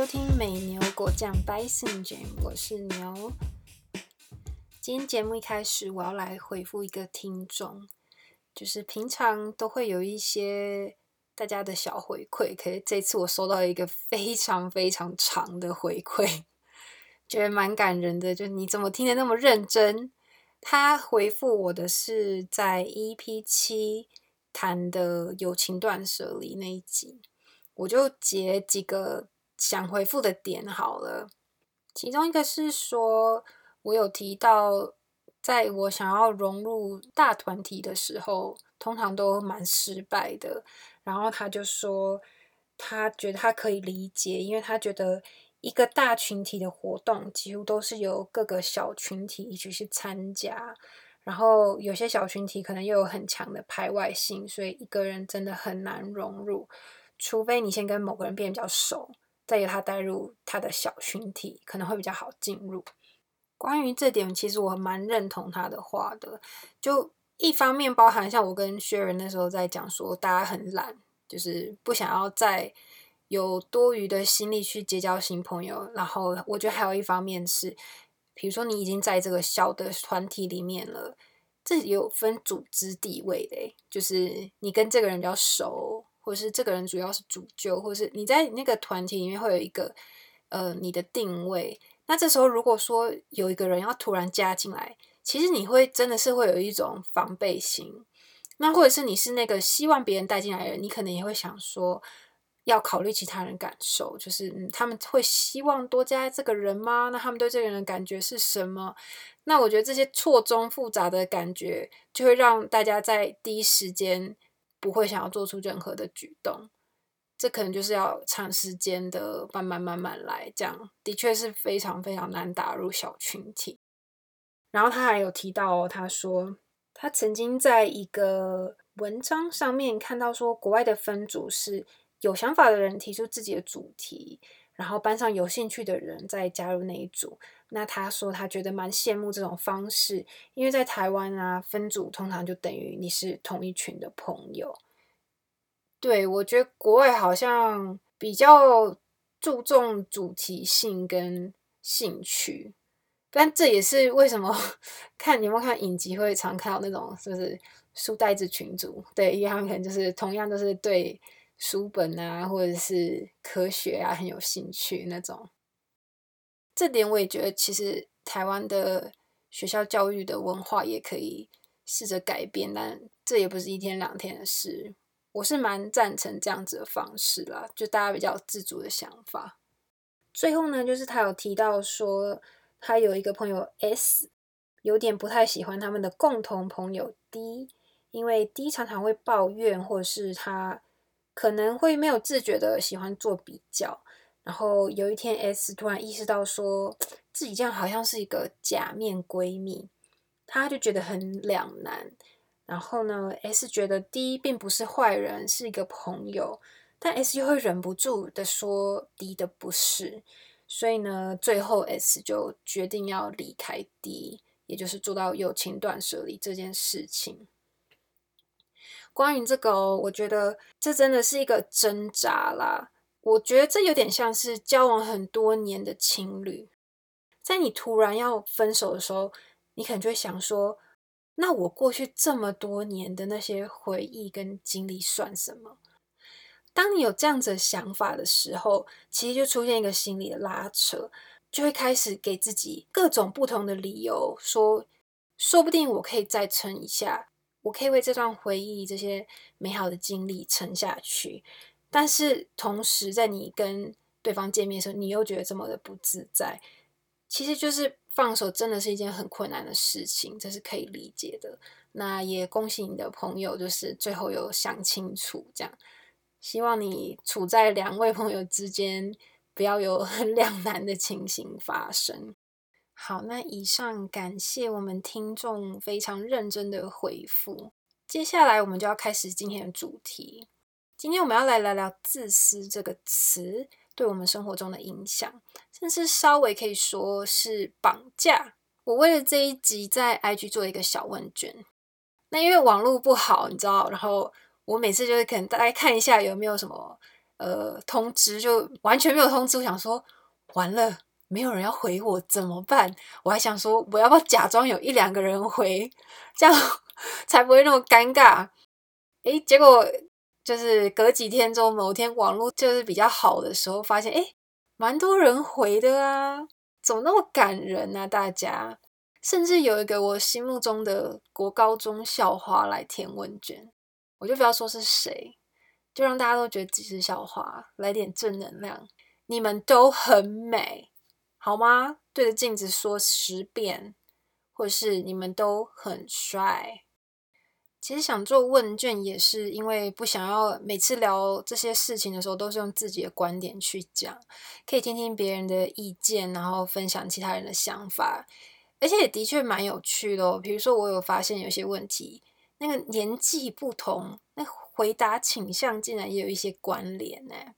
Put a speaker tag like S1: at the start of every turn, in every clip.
S1: 收聽美牛果醬 （Bison Jam），我是牛。今天節目一開始，我要來回覆一個聽眾，就是平常都會有一些大家的小回饋，可是這次我收到一個非常非常長的回饋，覺得蠻感人的。就你怎麼聽得那麼認真？他回覆我的是在 EP 七談的“友情斷舍離”那一集，我就截幾個。想回復的點好了，其中一個是說，我有提到，在我想要融入大團體的時候，通常都蠻失敗的。然後他就說，他覺得他可以理解，因為他覺得一個大群體的活動，幾乎都是由各個小群體一起去參加，然後有些小群體可能又有很強的排外性，所以一個人真的很難融入，除非你先跟某個人變得比較熟。再由他帶入他的小群體，可能會比較好進入。關於這點，其實我蠻認同他的話的。就一方面包含像我跟薛仁那時候在講說，大家很懶，就是不想要再有多餘的心力去結交新朋友。然後我覺得還有一方面是，比如說你已經在這個小的團體裡面了，這也有分組織地位的，就是你跟這個人比較熟。或者是這個人主要是主揪，或者是你在那個團體裡面會有一個呃你的定位。那這時候如果說有一個人要突然加進來，其實你會真的是會有一種防備心。那或者是你是那個希望別人帶進來的人，你可能也會想說要考慮其他人感受，就是、嗯、他們會希望多加這個人嗎？那他們對這個人的感覺是什麼？那我覺得這些錯綜複雜的感覺，就會讓大家在第一時間。不會想要做出任何的舉動，這可能就是要長時間的慢慢慢慢來。這樣的確是非常非常難打入小群體。然後他還有提到哦，他說他曾經在一個文章上面看到說，國外的分組是有想法的人提出自己的主題，然後班上有興趣的人再加入那一組。那他說他覺得蠻羨慕這種方式，因為在台灣啊，分組通常就等於你是同一群的朋友。對，我覺得國外好像比較注重主題性跟興趣，但這也是為什麼看，你有沒有看影集會常看到那種就是，是書呆子群組，對，一樣可能就是同樣都是對書本啊或者是科學啊很有興趣那種。這點我也覺得，其實台灣的學校教育的文化也可以試着改變，但這也不是一天兩天的事。我是蠻贊成這樣子的方式啦，就大家比較自主的想法。最後呢，就是他有提到說，他有一個朋友 S，有點不太喜歡他們的共同朋友 D，因為 D 常常會抱怨，或者是他可能會沒有自覺的喜歡做比較。然後有一天，S 突然意識到，說自己這樣好像是一個假面閨蜜，她就覺得很兩難。然後呢，S 覺得 D 並不是壞人，是一個朋友，但 S 又會忍不住的說 D 的不是。所以呢，最後 S 就決定要離開 D，也就是做到友情斷捨離這件事情。關於這個哦，我覺得這真的是一個掙扎啦。我覺得這有點像是交往很多年的情侶，在你突然要分手的時候，你可能就會想說：“那我過去這麼多年的那些回憶跟經歷算什麼？”當你有這樣子的想法的時候，其實就出現一個心理的拉扯，就會開始給自己各種不同的理由，說：“說不定我可以再撐一下，我可以為這段回憶、這些美好的經歷撐下去。”但是同時，在你跟對方見面的時候，你又覺得這麼的不自在，其實就是放手，真的是一件很困難的事情，這是可以理解的。那也恭喜你的朋友，就是最後有想清楚這樣。希望你處在兩位朋友之間，不要有很兩難的情形發生。好，那以上感謝我們聽眾非常認真的回覆。接下來我們就要開始今天的主題。今天我們要來，來聊聊“自私”這個詞對我們生活中的影響，甚至稍微可以說是綁架。我為了這一集在 IG 做一個小問卷，那因為網絡不好，你知道，然後我每次就是可能大概看一下有沒有什麼呃通知，就完全沒有通知。我想說，完了，沒有人要回我怎麼辦？我還想說，我要不要假裝有一兩個人回，這樣才不會那麼尷尬？誒，結果。就是隔幾天中某天網絡就是比較好的時候，發現哎，蠻、欸、多人回的啊，怎麼那麼感人啊。大家甚至有一個我心目中的國高中校花來填問卷，我就不要說是誰，就讓大家都覺得自己是校花，來點正能量，你們都很美，好嗎？對着鏡子說十遍，或是你們都很帥。其實想做問卷也是因為不想要每次聊這些事情的時候都是用自己的觀點去講，可以聽聽別人的意見，然後分享其他人的想法，而且也的確蠻有趣的哦，比如說我有發現有些問題，那個年紀不同，那回答傾向竟然也有一些關聯呢欸。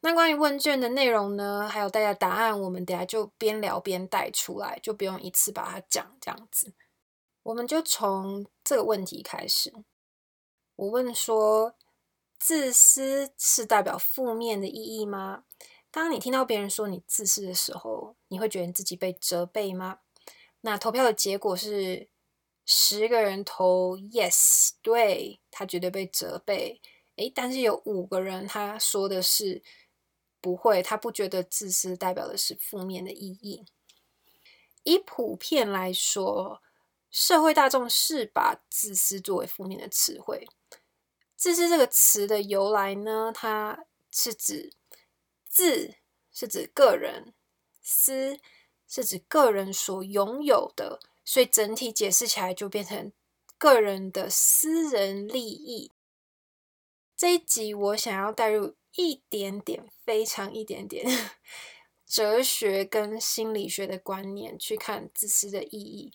S1: 那關於問卷的內容呢，還有大家答案，我們等下就邊聊邊帶出來，就不用一次把它講這樣子。我們就從這個問題開始。我問說：“自私是代表負面的意義嗎？”當你聽到別人說你自私的時候，你會覺得自己被責備嗎？那投票的結果是十個人投 yes，對，他覺得被責備。誒，但是有五個人他說的是不會，他不覺得自私代表的是負面的意義。以普遍來說。社會大眾是把自私作為負面的詞彙。自私這個詞的由來呢，它是指“自”是指個人，“私”是指個人所擁有的，所以整體解釋起來就變成個人的私人利益。這一集我想要帶入一點點、非常一點點哲學跟心理學的觀念，去看自私的意義。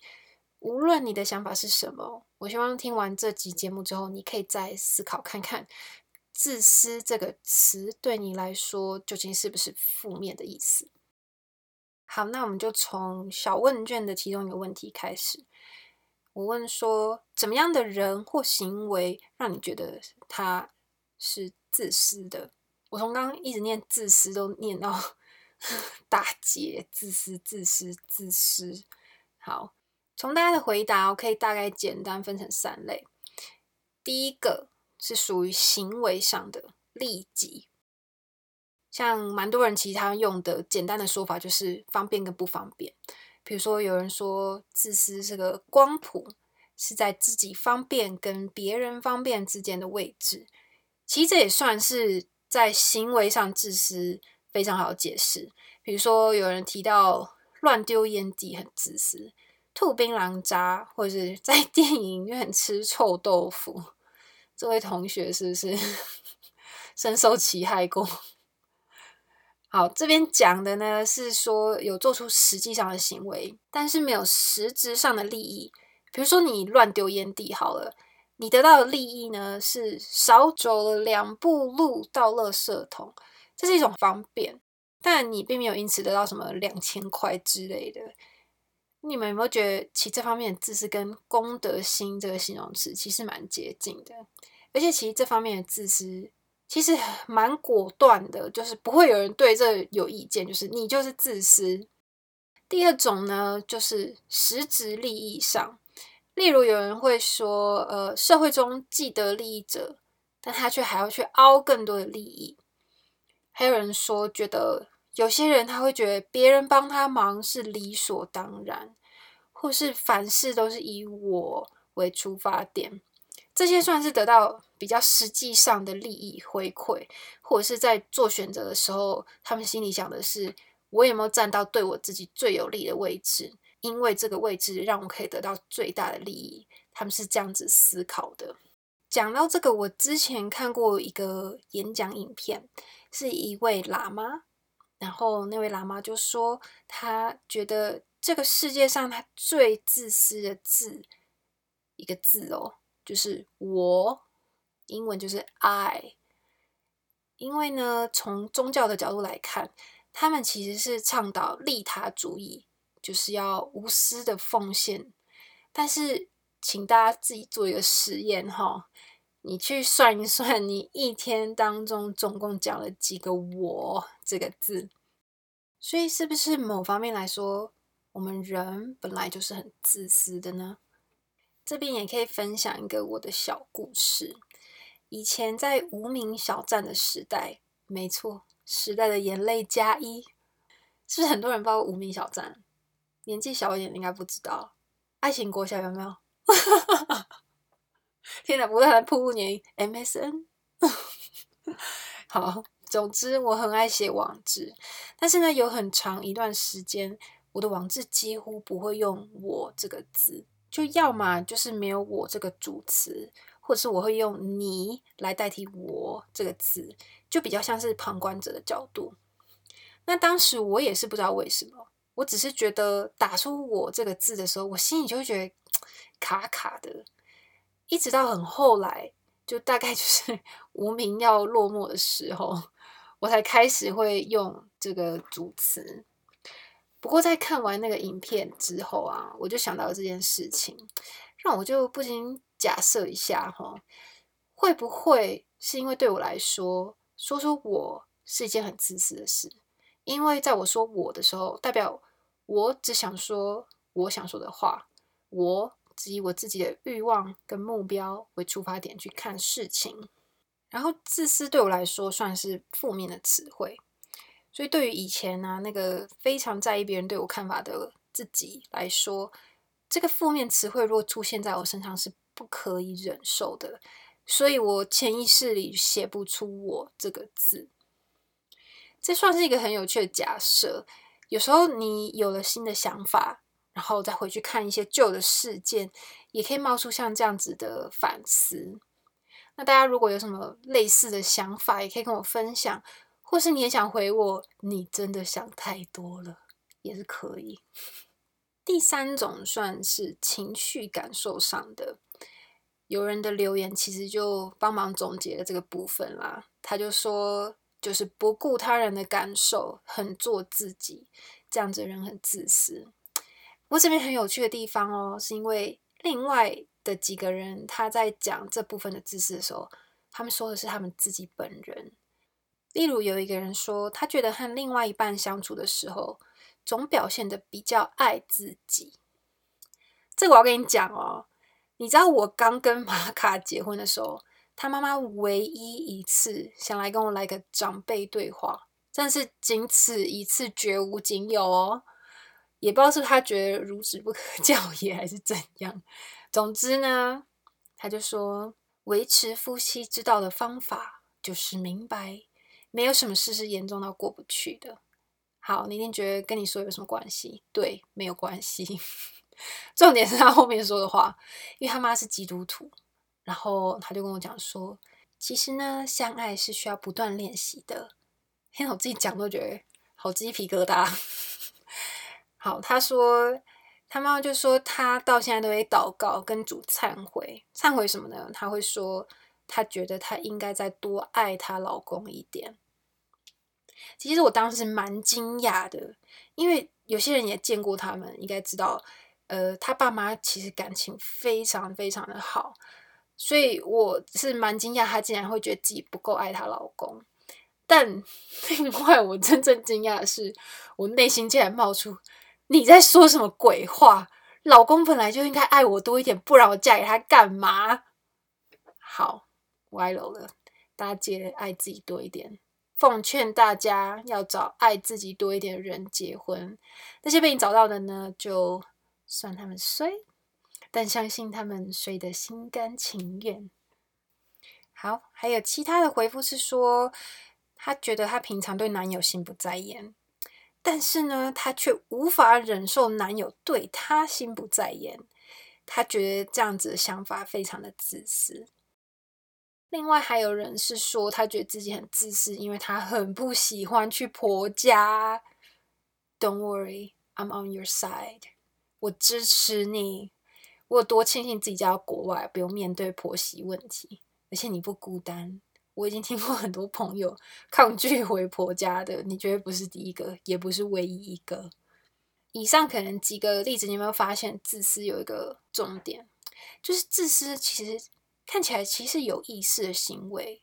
S1: 無論你的想法是什麼，我希望聽完這集節目之後，你可以再思考看看“自私”這個詞對你來說究竟是不是負面的意思。好，那我們就從小問卷的其中一個問題開始。我問說：怎麼樣的人或行為讓你覺得他是自私的？我從剛剛一直念“自私”，都念到打結，自私，自私，自私”。好。從大家的回答，我可以大概簡單分成三類。第一個是屬於行為上的利己，像蠻多人其他用的簡單的說法就是方便跟不方便。比如說有人說自私是個光譜，是在自己方便跟別人方便之間的位置，其實這也算是在行為上自私，非常好解釋。比如說有人提到亂丟菸蒂很自私。吐檳榔渣，或者是在電影院吃臭豆腐，這位同學是不是深受其害過？好，這邊講的呢是說有做出實際上的行為，但是沒有實質上的利益。比如說你亂丟煙蒂，好了，你得到的利益呢是少走了兩步路到垃圾桶，這是一種方便，但你並沒有因此得到什麼兩千塊之類的。你們有沒有覺得，其這方面的自私跟“公德心”這個形容詞其實蠻接近的？而且，其實這方面的自私其實蠻果斷的，就是不會有人對這有意見，就是你就是自私。第二種呢，就是實質利益上，例如有人會說，呃，社會中既得利益者，但他卻還要去凹更多的利益。還有人說，覺得。有些人他會覺得別人幫他忙是理所當然，或是凡事都是以我為出發點，這些算是得到比較實際上的利益回饋，或者是在做選擇的時候，他們心裡想的是我有沒有站到對我自己最有利的位置？因為這個位置讓我可以得到最大的利益，他們是這樣子思考的。講到這個，我之前看過一個演講影片，是一位喇嘛。然後那位喇嘛就說：“他覺得這個世界上他最自私的字，一個字哦，就是我，英文就是 I。因為呢，從宗教的角度來看，他們其實是倡導利他主義，就是要無私的奉獻。但是，請大家自己做一個實驗哈、哦。”你去算一算，你一天當中總共講了幾個“我”這個字，所以是不是某方面來說，我們人本來就是很自私的呢？這邊也可以分享一個我的小故事：以前在無名小站的時代，沒錯，時代的眼淚加一，是不是很多人包括無名小站，年紀小一點的應該不知道，愛情國小有沒有？ 天哪！不斷地暴露年齡 MSN。 好，總之我很愛寫網誌，但是呢，有很長一段時間，我的網誌幾乎不會用“我”這個字，就要麼就是沒有“我”這個主詞，或者是我會用“你”來代替“我”這個字，就比較像是旁觀者的角度。那當時我也是不知道為什麼，我只是覺得打出“我”這個字的時候，我心裡就會覺得卡卡的。一直到很後來，就大概就是無名要落幕的時候，我才開始會用這個主詞。不過在看完那個影片之後啊，我就想到了這件事情，讓我就不禁假設一下哈，會不會是因為對我來說，說出我是一件很自私的事？因為在我說我的時候，代表我只想說我想說的話，我。只以我自己的慾望跟目標為出發點去看事情，然後自私對我來說算是負面的詞彙，所以對於以前呢、啊、那個非常在意別人對我看法的自己來說，這個負面詞彙如果出現在我身上是不可以忍受的，所以我潛意識裡寫不出“我”這個字。這算是一個很有趣的假設。有時候你有了新的想法。然後再回去看一些舊的事件，也可以冒出像這樣子的反思。那大家如果有什麼類似的想法，也可以跟我分享，或是你也想回我，你真的想太多了也是可以。第三種算是情緒感受上的，有人的留言其實就幫忙總結了這個部分啦。他就說，就是不顧他人的感受，很做自己，這樣子的人很自私。不過這邊很有趣的地方哦，是因為另外的幾個人他在講這部分的知識的時候，他們說的是他們自己本人。例如有一個人說，他覺得和另外一半相處的時候，總表現得比較愛自己。這個我要跟你講哦，你知道我剛跟馬卡結婚的時候，他媽媽唯一一次想來跟我來個長輩對話，但是僅此一次，絕無僅有哦。也不知道是，是他覺得孺子不可教也，還是怎樣。總之呢，他就說，維持夫妻之道的方法就是明白，沒有什麼事是嚴重到過不去的。好，你一定覺得跟你說有什麼關係？對，沒有關係。 重點是他後面說的話，因為他媽是基督徒，然後他就跟我講說，其實呢，相愛是需要不斷練習的。天，我自己講都覺得好雞皮疙瘩。好，他說他媽媽就說他到現在都會禱告跟主懺悔，懺悔什麼呢？他會說他覺得他應該再多愛他老公一點。其實我當時蠻驚訝的，因為有些人也見過他們，應該知道，呃，他爸媽其實感情非常非常的好，所以我是蠻驚訝他竟然會覺得自己不夠愛他老公。但另外我真正驚訝的是，我內心竟然冒出。你在說什麼鬼話？老公本來就應該愛我多一點，不然我嫁給他幹嘛？好，歪樓了。大家記得愛自己多一點。奉勸大家要找愛自己多一點的人結婚。那些被你找到的呢，就算他們衰，但相信他們衰得心甘情願。好，還有其他的回復是說，他覺得他平常對男友心不在焉。但是呢，她卻無法忍受男友對她心不在焉。她覺得這樣子的想法非常的自私。另外還有人是說，她覺得自己很自私，因為她很不喜歡去婆家。Don't worry, I'm on your side。我支持你。我有多慶幸自己嫁到國外，不用面對婆媳問題，而且你不孤單。我已經聽過很多朋友抗拒回婆家的，你絕對不是第一個，也不是唯一一個。以上可能幾個例子，你有沒有發現，自私有一個重點，就是自私其實看起來其實有意識的行為，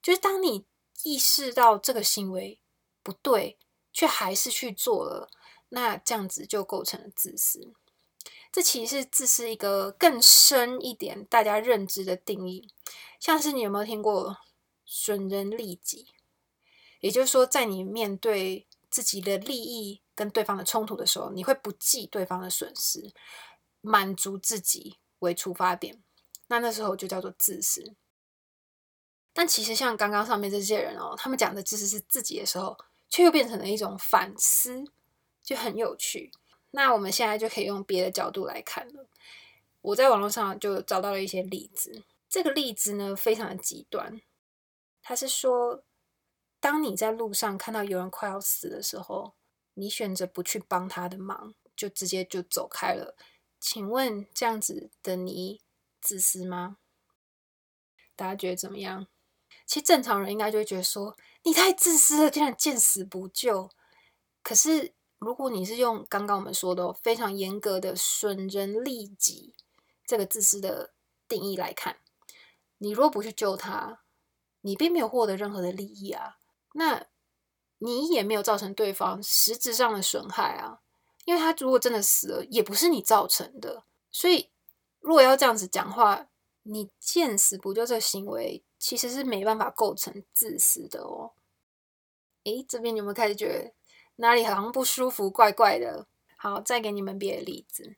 S1: 就是當你意識到這個行為不對，卻還是去做了，那這樣子就構成了自私。這其實是自私一個更深一點大家認知的定義，像是你有沒有聽過？損人利己，也就是說，在你面對自己的利益跟對方的衝突的時候，你會不計對方的損失，滿足自己為出發點，那那時候就叫做自私。但其實像剛剛上面這些人哦，他們講的自私是自己的時候，卻又變成了一種反思，就很有趣。那我們現在就可以用別的角度來看了。我在網絡上就找到了一些例子，這個例子呢，非常的極端。他是說，當你在路上看到有人快要死的時候，你選擇不去幫他的忙，就直接就走開了。請問這樣子的你自私嗎？大家覺得怎麼樣？其實正常人應該就會覺得說你太自私了，竟然見死不救。可是如果你是用剛剛我們說的、哦、非常嚴格的損人利己這個自私的定義來看，你如果不去救他。你並沒有獲得任何的利益啊，那你也沒有造成對方實質上的損害啊，因為他如果真的死了，也不是你造成的，所以如果要這樣子講話，你見死不救這個行為其實是沒辦法構成自私的哦。誒、欸，這邊有沒有開始覺得哪裡好像不舒服、怪怪的？好，再給你們別的例子，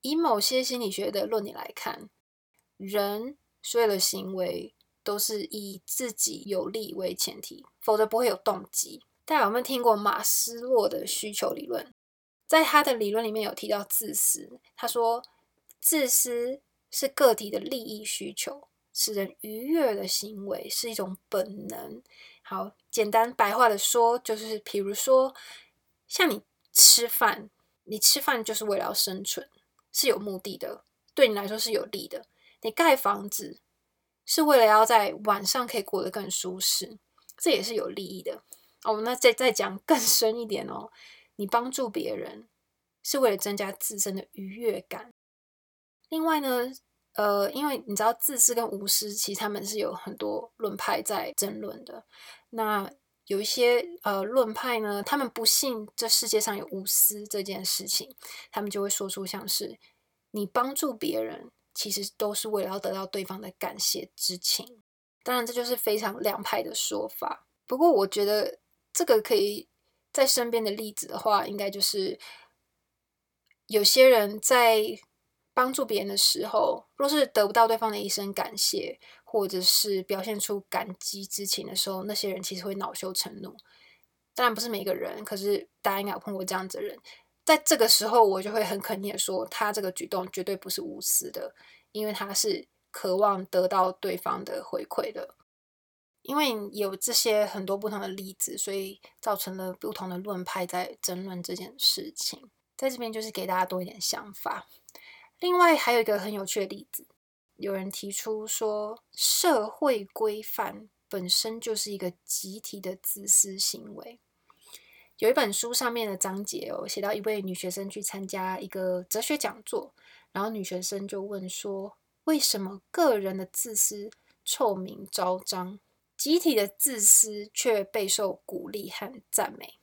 S1: 以某些心理學的論點來看，人所有的行為。都是以自己有利為前提，否則不會有動機。大家有沒有聽過馬斯洛的需求理論？在他的理論裡面有提到自私，他說自私是個體的利益需求，使人愉悅的行為是一種本能。好，簡單白話的說，就是比如說像你吃飯，你吃飯就是為了生存，是有目的的，對你來說是有利的。你蓋房子。是為了要在晚上可以過得更舒適，這也是有利益的哦。那再再講更深一點哦，你幫助別人是為了增加自身的愉悅感。另外呢，呃，因為你知道自私跟無私，其實他們是有很多論派在爭論的。那有一些呃論派呢，他們不信這世界上有無私這件事情，他們就會說出像是你幫助別人，其實都是為了要得到對方的感謝之情，當然這就是非常兩派的說法。不過我覺得這個可以在身邊的例子的話，應該就是有些人在幫助別人的時候，若是得不到對方的一聲感謝，或者是表現出感激之情的時候，那些人其實會惱羞成怒。當然不是每個人，可是大家應該有碰過這樣子的人。在這個時候，我就會很肯定的說，他這個舉動絕對不是無私的，因為他是渴望得到對方的回饋的。因為有這些很多不同的例子，所以造成了不同的論派在爭論這件事情。在這邊就是給大家多一點想法。另外還有一個很有趣的例子，有人提出說，社會規範本身就是一個集體的自私行為。有一本書上面的章節我寫到一位女學生去參加一個哲學講座，然後女學生就問說：“為什麼個人的自私臭名昭彰，集體的自私卻備受鼓勵和讚美？”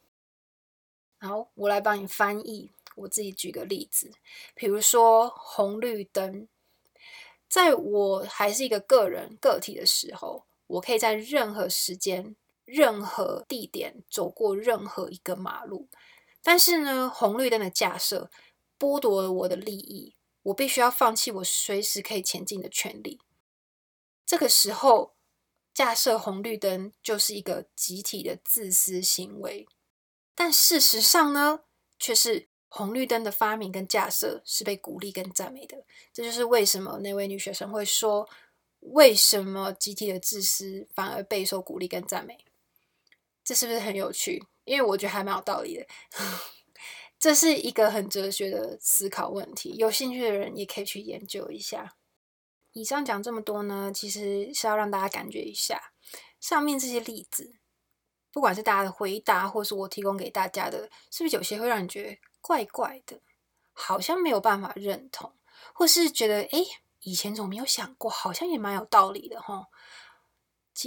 S1: 好，我來幫你翻譯，我自己舉個例子，比如說紅綠燈，在我還是一個個人個體的時候，我可以在任何時間。任何地點走過任何一個馬路，但是呢，紅綠燈的架設剝奪了我的利益，我必須要放棄我隨時可以前進的權利。這個時候，架設紅綠燈就是一個集體的自私行為。但事實上呢，卻是紅綠燈的發明跟架設是被鼓勵跟讚美的。這就是為什麼那位女學生會說，為什麼集體的自私反而備受鼓勵跟讚美？這是不是很有趣？因為我覺得還蠻有道理的。 這是一個很哲學的思考問題，有興趣的人也可以去研究一下。以上講這麼多呢，其實是要讓大家感覺一下，上面這些例子，不管是大家的回答，或是我提供給大家的，是不是有些會讓你覺得怪怪的，好像沒有辦法認同，或是覺得誒、欸，以前怎麼沒有想過，好像也蠻有道理的吼！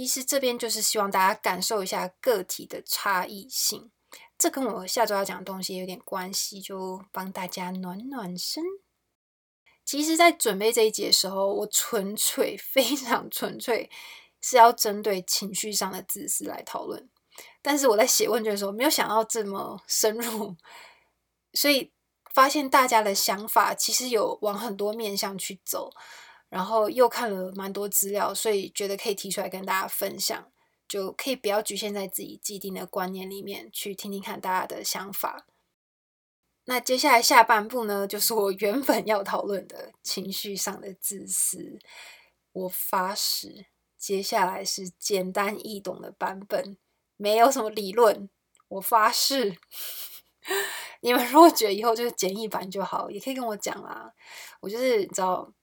S1: 其實這邊就是希望大家感受一下個體的差異性，這跟我下周要講的東西有點關係，就幫大家暖暖身。其實，在準備這一節的時候，我純粹、非常純粹是要針對情緒上的自私來討論，但是我在寫問卷的時候，沒有想到這麼深入，所以發現大家的想法其實有往很多面向去走。然後又看了蠻多資料，所以覺得可以提出來跟大家分享，就可以不要局限在自己既定的觀念裡面去聽聽看大家的想法。那接下來下半部呢，就是我原本要討論的情緒上的自私。我發誓，接下來是簡單易懂的版本，沒有什麼理論。我發誓， 你們如果覺得以後就是簡易版就好，也可以跟我講啦。我就是你知道。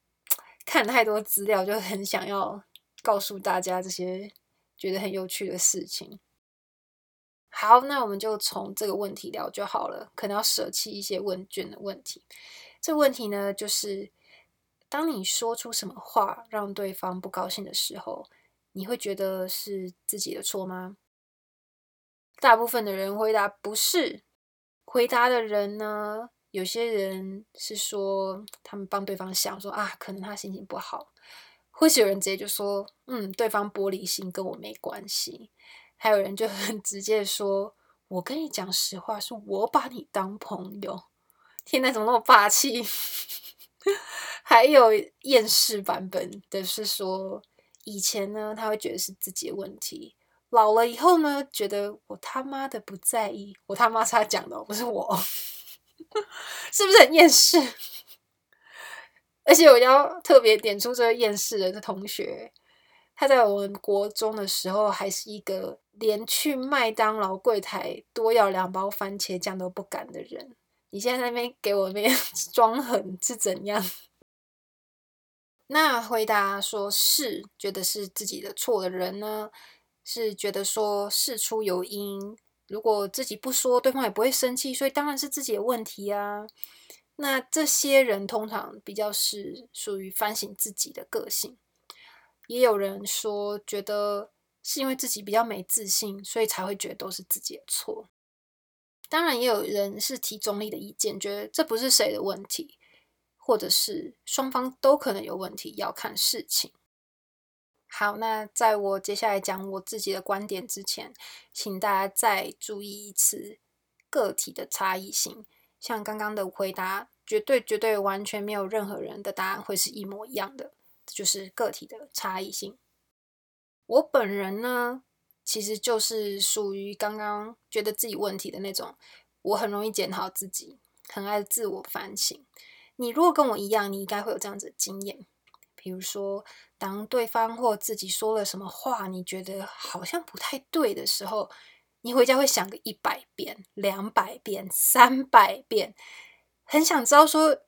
S1: 看太多資料，就很想要告訴大家這些覺得很有趣的事情。好，那我們就從這個問題聊就好了，可能要捨棄一些問卷的問題。這個問題呢，就是當你說出什麼話讓對方不高興的時候，你會覺得是自己的錯嗎？大部分的人回答不是。回答的人呢？有些人是說他們幫對方想說，說啊，可能他心情不好。或許有人直接就說，嗯，對方玻璃心跟我沒關係。還有人就很直接說，我跟你講實話，是我把你當朋友。天哪，怎麼那麼霸氣？ 還有厭世版本的是說，以前呢他會覺得是自己的問題，老了以後呢，覺得我他媽的不在意，我他媽是他講的哦，不是我哦。 是不是很厭世？ 而且我要特別點出，這個厭世人的同學，他在我們國中的時候，還是一個連去麥當勞櫃台多要兩包番茄醬都不敢的人。你現在，在那邊給我那邊裝狠是怎樣？那回答說是覺得是自己的錯的人呢？是覺得說事出有因？如果自己不說，對方也不會生氣，所以當然是自己的問題啊。那這些人通常比較是屬於反省自己的個性，也有人說覺得是因為自己比較沒自信，所以才會覺得都是自己的錯。當然，也有人是提中立的意見，覺得這不是誰的問題，或者是雙方都可能有問題，要看事情。好，那在我接下來講我自己的觀點之前，請大家再注意一次個體的差異性。像剛剛的回答，絕對絕對完全沒有任何人的答案會是一模一樣的，這就是個體的差異性。我本人呢，其實就是屬於剛剛覺得自己問題的那種，我很容易檢討自己，很愛自我反省。你如果跟我一樣，你應該會有這樣子的經驗。比如說，當對方或自己說了什麼話，你覺得好像不太對的時候，你回家會想個一百遍、兩百遍、三百遍，很想知道說，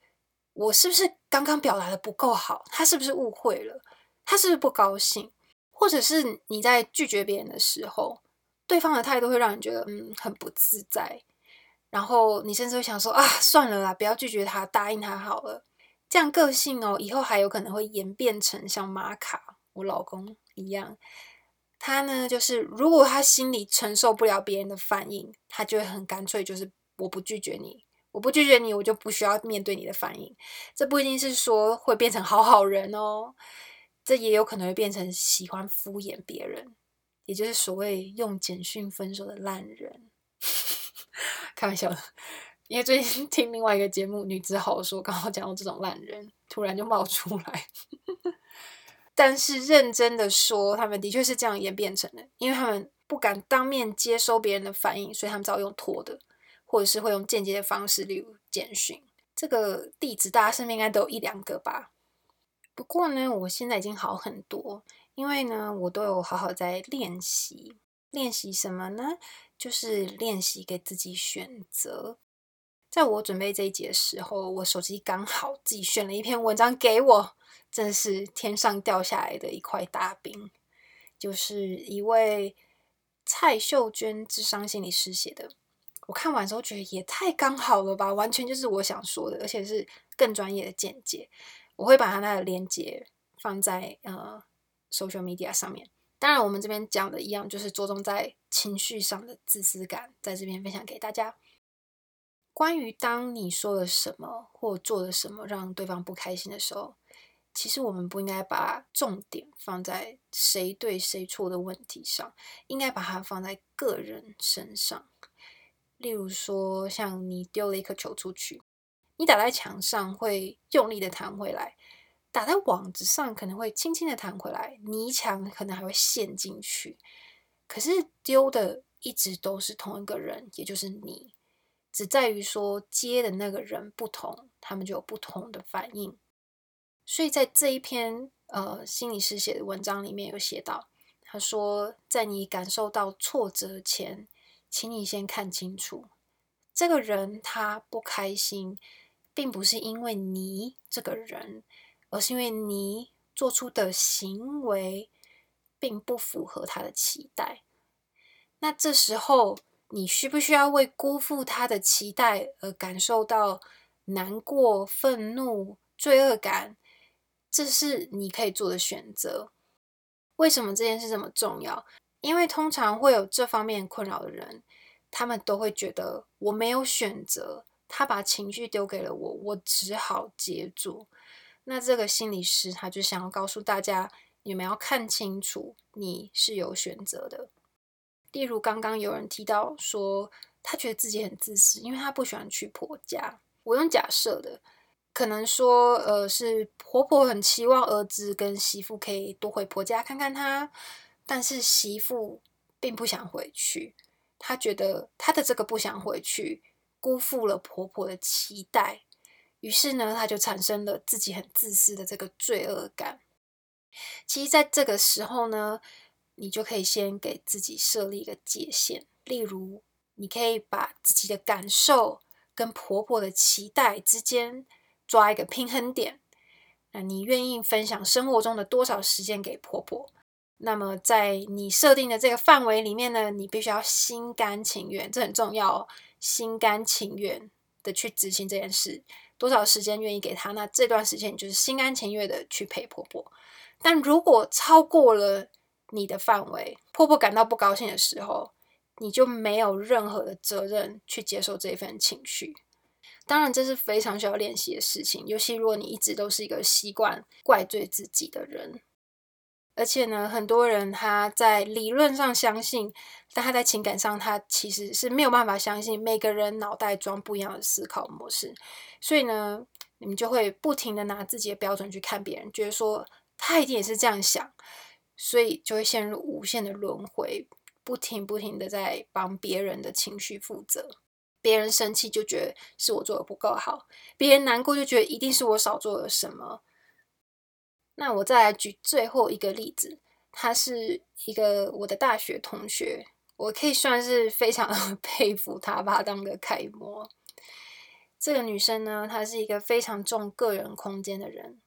S1: 我是不是剛剛表達的不夠好？他是不是誤會了？他是不是不高興？或者是你在拒絕別人的時候，對方的態度會讓你覺得嗯很不自在，然後你甚至會想說啊算了啦，不要拒絕他，答應他好了。像個性哦，以後還有可能會演變成像馬卡我老公一樣，他呢就是，如果他心裡承受不了別人的反應，他就會很乾脆，就是我不拒絕你，我不拒絕你，我就不需要面對你的反應。這不一定是說會變成好好人哦，這也有可能會變成喜歡敷衍別人，也就是所謂用簡訊分手的爛人。 開玩笑的。因為最近聽另外一個節目《女子好說》，剛好講到這種爛人，突然就冒出來。 但是認真的說，他們的確是這樣演變成的，因為他們不敢當面接收別人的反應，所以他們只好用拖的，或者是會用間接的方式，例如簡訊。這個地址大家身邊應該都有一兩個吧？不過呢，我現在已經好很多，因為呢，我都有好好在練習。練習什麼呢？就是練習給自己選擇。在我準備這一集的時候，我手機剛好自己選了一篇文章給我，真是天上掉下來的一塊大餅。就是一位蔡秀娟諮商心理師寫的，我看完之後覺得也太剛好了吧，完全就是我想說的，而且是更專業的見解。我會把它的連結放在呃 social media 上面。當然，我們這邊講的一樣，就是着重在情緒上的自私感，在這邊分享給大家。關於，當你說了什麼或做了什麼讓對方不開心的時候，其實我們不應該把重點放在誰對誰錯的問題上，應該把它放在個人身上。例如說，像你丟了一顆球出去，你打在牆上會用力的彈回來，打在網子上可能會輕輕的彈回來，泥牆可能還會陷進去。可是丟的一直都是同一個人，也就是你。只在於說接的那個人不同，他們就有不同的反應。所以在這一篇呃心理師寫的文章裡面有寫到，他說在你感受到挫折前，請你先看清楚，這個人他不開心，並不是因為你這個人，而是因為你做出的行為並不符合他的期待。那這時候。你需不需要為辜負他的期待而感受到難過、憤怒、罪惡感？這是你可以做的選擇。為什麼這件事這麼重要？因為通常會有這方面困擾的人，他們都會覺得我沒有選擇，他把情緒丟給了我，我只好接住。那這個心理師他就想要告訴大家，你們要看清楚，你是有選擇的。例如，剛剛有人提到說，他覺得自己很自私，因為他不喜歡去婆家。我用假設的，可能說，呃，是婆婆很期望兒子跟媳婦可以多回婆家看看她，但是媳婦並不想回去。她覺得她的這個不想回去，辜負了婆婆的期待，於是呢，她就產生了自己很自私的這個罪惡感。其實，在這個時候呢。你就可以先給自己設立一個界限，例如，你可以把自己的感受跟婆婆的期待之間抓一個平衡點。那你願意分享生活中的多少時間給婆婆？那麼，在你設定的這個範圍裡面呢，你必須要心甘情願，這很重要哦。心甘情願的去執行這件事，多少時間願意給她？那這段時間你就是心甘情願的去陪婆婆。但如果超過了，你的範圍，婆婆感到不高興的時候，你就沒有任何的責任去接受這一份情緒。當然，這是非常需要練習的事情，尤其如果你一直都是一個習慣怪罪自己的人。而且呢，很多人他在理論上相信，但他在情感上他其實是沒有辦法相信每個人腦袋裝不一樣的思考模式。所以呢，你們就會不停地拿自己的標準去看別人，覺得說他一定也是這樣想。所以就會陷入無限的輪回，不停不停的在幫別人的情緒負責，別人生氣就覺得是我做的不夠好，別人難過就覺得一定是我少做了什麼。那我再來舉最後一個例子，她是一個我的大學同學，我可以算是非常佩服她，把她，當個楷模。這個女生呢，她是一個非常重個人空間的人。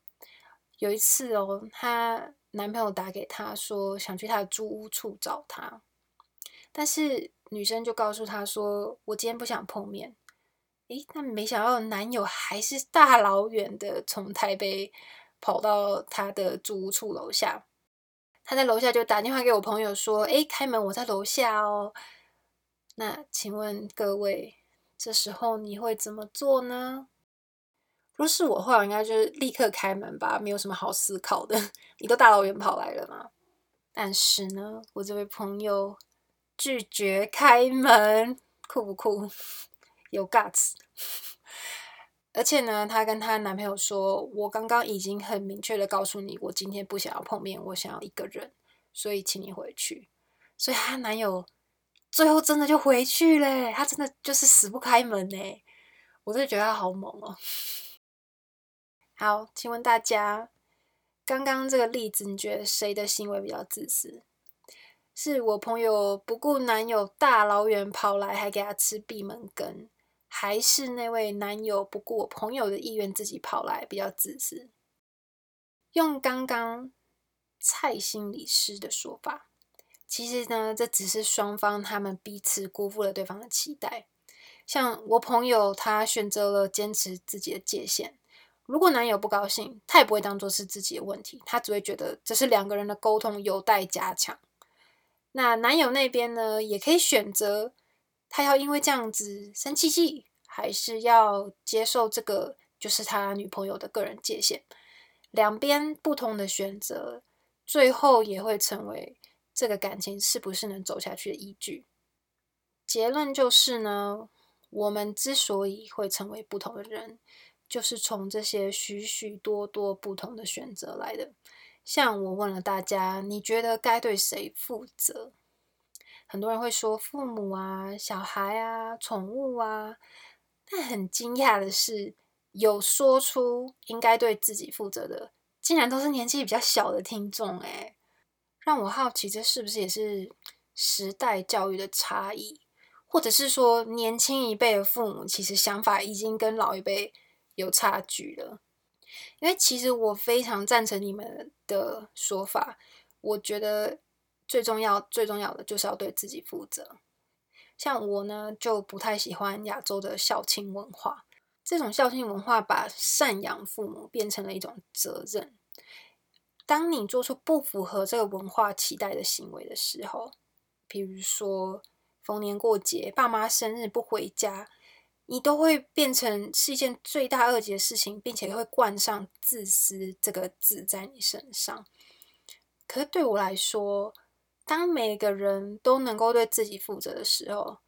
S1: 有一次哦，她。男朋友打給她說想去她的租屋處找她，但是女生就告訴他說，我今天不想碰面。哎，但沒想到男友還是大老遠的從台北跑到她的租屋處樓下，他在樓下就打電話給我朋友說：“哎，開門，我在樓下哦。”那請問各位，這時候你會怎麼做呢？若是我的話，應該就是立刻開門吧，沒有什麼好思考的。 你都大老遠跑來了嘛。但是呢，我這位朋友拒絕開門，酷不酷？ 有 guts。 而且呢，她跟她男朋友說：“我剛剛已經很明確的告訴你，我今天不想要碰面，我想要一個人，所以請你回去。”所以她男友最後真的就回去了，欸，他真的就是死不開門呢，欸。我真的覺得他好猛哦，喔。好，請問大家，剛剛這個例子，你覺得誰的行為比較自私？是我朋友不顧男友大老遠跑來，還給他吃閉門羹，還是那位男友不顧我朋友的意願自己跑來，比較自私？用剛剛蔡心理師的說法，其實呢，這只是雙方他們彼此辜負了對方的期待。像我朋友，他選擇了堅持自己的界限。如果男友不高興，他也不會當做是自己的問題，他只會覺得這是兩個人的溝通有待加強。那男友那邊呢，也可以選擇他要因為這樣子生氣氣，還是要接受這個就是他女朋友的個人界限。兩邊不同的選擇，最後也會成為這個感情是不是能走下去的依據。結論就是呢，我們之所以會成為不同的人。就是從這些許許多多不同的選擇來的。像我問了大家，你覺得該對誰負責？很多人會說父母啊、小孩啊、寵物啊。但很驚訝的是，有說出應該對自己負責的，竟然都是年紀比較小的聽眾欸，誒，讓我好奇，這是不是也是時代教育的差異，或者是說年輕一輩的父母其實想法已經跟老一輩有差距了，因為其實我非常贊成你們的說法。我覺得最重要、最重要的就是要對自己負責。像我呢，就不太喜歡亞洲的孝親文化。這種孝親文化把贍養父母變成了一種責任。當你做出不符合這個文化期待的行為的時候，比如說逢年過節、爸媽生日不回家。你都會變成是一件罪大惡極的事情，並且會冠上“自私”這個字在你身上。可是對我來說，當每個人都能夠對自己負責的時候，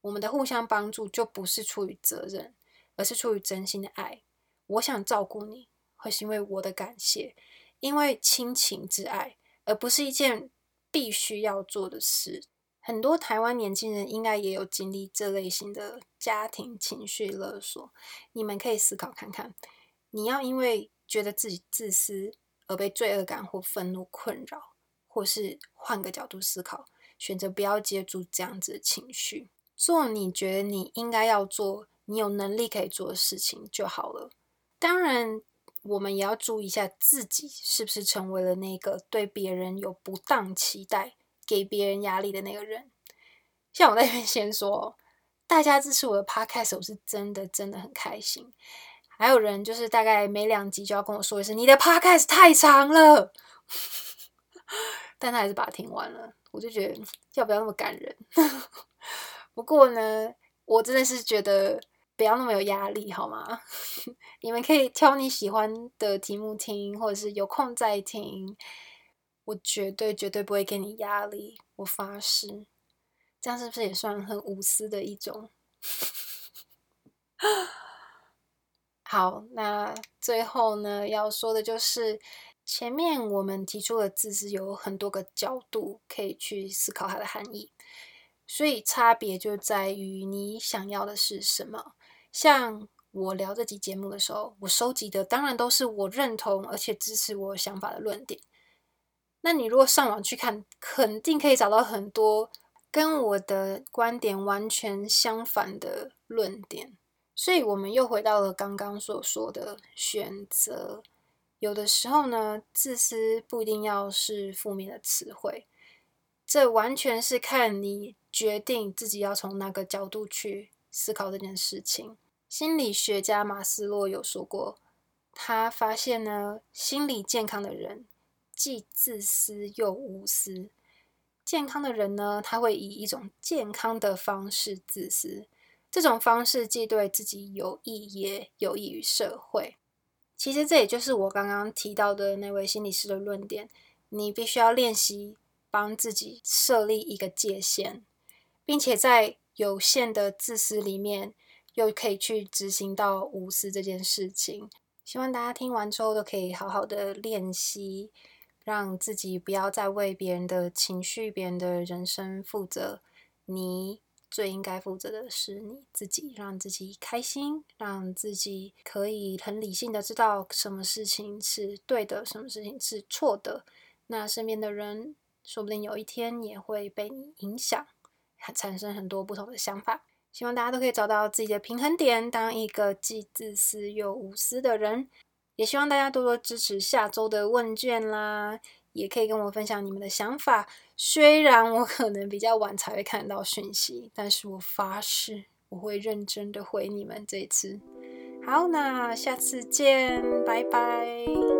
S1: 我們的互相幫助就不是出於責任，而是出於真心的愛。我想照顧你，會是因為我的感謝，因為親情之愛，而不是一件必須要做的事。很多台灣年輕人應該也有經歷這類型的家庭情緒勒索。你們可以思考看看，你要因為覺得自己自私而被罪惡感或憤怒困擾，或是換個角度思考，選擇不要接住這樣子的情緒。做你覺得你應該要做、你有能力可以做的事情就好了。當然，我們也要注意一下自己是不是成為了那個對別人有不當期待，給別人壓力的那個人，像我在那邊先說，大家支持我的 podcast，我是真的真的很開心。還有人就是大概每兩集就要跟我說一聲：「你的 podcast 太長了」， 但他還是把它聽完了。我就覺得要不要那麼感人？ 不過呢，我真的是覺得不要那麼有壓力，好嗎？ 你們可以挑你喜歡的題目聽，或者是有空再聽。我絕對絕對不會給你壓力，我發誓，這樣是不是也算很無私的一種？ 好，那最後呢，要說的就是，前面我們提出的自私有很多個角度可以去思考它的含義，所以差別就在於你想要的是什麼。像我聊這集節目的時候，我收集的當然都是我認同而且支持我想法的論點。那你如果上網去看，肯定可以找到很多跟我的觀點完全相反的論點。所以我們又回到了剛剛所說的選擇。有的時候呢，自私不一定要是負面的詞彙，這完全是看你決定自己要從哪個角度去思考這件事情。心理學家馬斯洛有說過，他發現呢，心理健康的人，既自私又無私，健康的人呢，他會以一種健康的方式自私。這種方式既對自己有益，也有益於社會。其實這也就是我剛剛提到的那位心理師的論點：你必須要練習幫自己設立一個界限，並且在有限的自私裡面，又可以去執行到無私這件事情。希望大家聽完之後都可以好好的練習。讓自己不要再為別人的情緒、別人的人生負責。你最應該負責的是你自己，讓自己開心，讓自己可以很理性的知道什麼事情是對的，什麼事情是錯的。那身邊的人說不定有一天也會被你影響，產生很多不同的想法。希望大家都可以找到自己的平衡點，當一個既自私又無私的人。也希望大家多多支持下周的問卷啦，也可以跟我分享你們的想法。雖然我可能比較晚才會看到訊息，但是我發誓我會認真的回你們這一次。好，那下次見，拜拜。